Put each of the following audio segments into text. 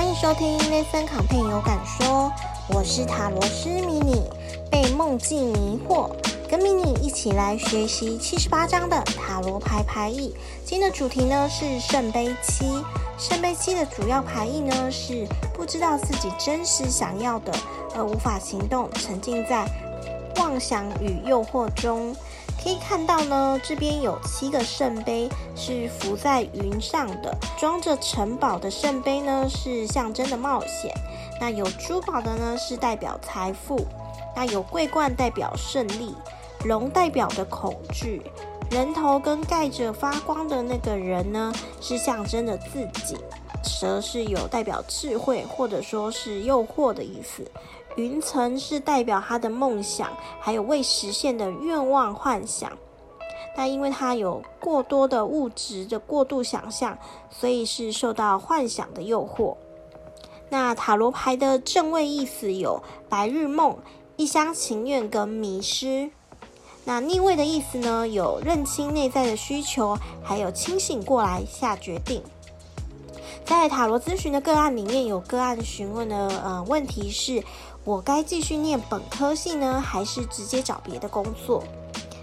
歡迎收聽 ListenContent 有感說，我是塔羅師迷你，被夢境迷惑，跟迷你一起來學習七十八張的塔羅牌牌意。今天的主題呢是聖杯七，聖杯七的主要牌意呢是不知道自己真實想要的而無法行動，沉浸在妄想與誘惑中。可以看到呢，這邊有七個聖杯是浮在雲上的，裝着城堡的聖杯呢是象徵著冒險，那有珠寶的呢是代表財富，那有桂冠代表勝利，龍代表的恐懼，人頭跟蓋着發光的那個人呢是象徵著自己，蛇是有代表智慧或者說是誘惑的意思。雲層是代表他的夢想，還有未實現的願望、幻想。那因為他有過多的物質的過度想象，所以是受到幻想的誘惑。那塔羅牌的正位意思有白日夢、一廂情願跟迷失。那逆位的意思呢，有認清內在的需求，還有清醒過來下決定。在塔羅諮詢的個案裡面有個案詢問的，呃，問題是：我該繼續念本科系呢，還是直接找別的工作？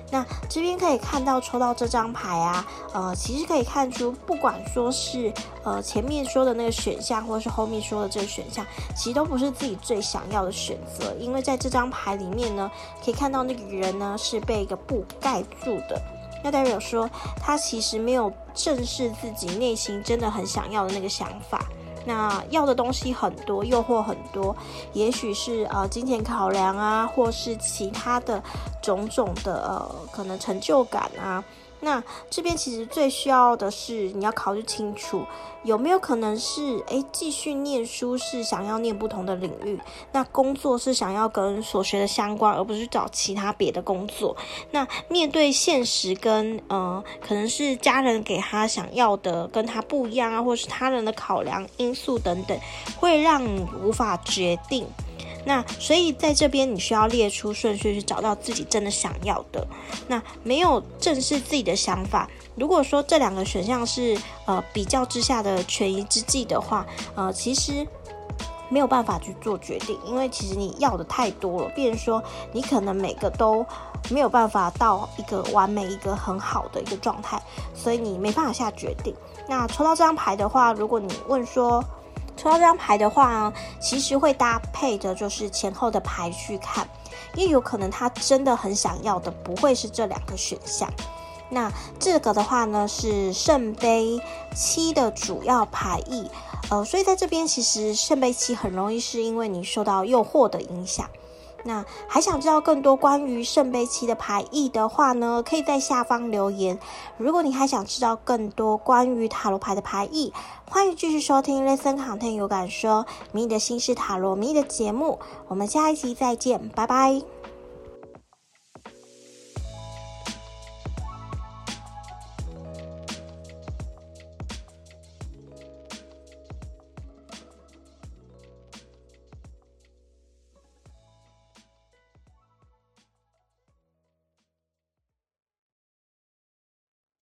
那這邊可以看到抽到這張牌啊，呃，其實可以看出，不管說是呃前面說的那個選項，或是後面說的這個選項，其實都不是自己最想要的選擇。因為在這張牌裡面呢，可以看到那個人呢是被一個布蓋住的。那代表說，他其實沒有。正視自己內心真的很想要的那個想法，那要的東西很多，誘惑很多，也許是呃金錢考量啊，或是其他的種種的呃可能成就感啊。那這邊其實最需要的是，你要考慮清楚，有沒有可能是誒繼續念書是想要念不同的領域，那工作是想要跟所學的相關，而不是找其他別的工作。那面對現實跟呃，可能是家人給他想要的跟他不一樣啊，或是他人的考量因素等等，會讓你無法決定。那所以在這邊你需要列出順序去找到自己真的想要的。那沒有正視自己的想法，如果說這兩個選項是呃比較之下的權宜之計的話，呃其實沒有辦法去做決定，因為其實你要的太多了。變成說你可能每個都沒有辦法到一個完美、一個很好的一個狀態，所以你沒辦法下決定。那抽到這張牌的話，如果你問說。抽到這張牌的話，其實會搭配着就是前後的牌去看，因為有可能他真的很想要的不會是這兩個選項。那這個的話呢是聖杯七的主要牌意，呃，所以在這邊其實聖杯七很容易是因為你受到誘惑的影響。那還想知道更多關於聖杯七的牌意的話呢？可以在下方留言。如果你還想知道更多關於塔羅牌的牌意，歡迎繼續收聽《ListenContent 有感說迷你的心事塔羅迷你的節目》。我們下一期再見，拜拜。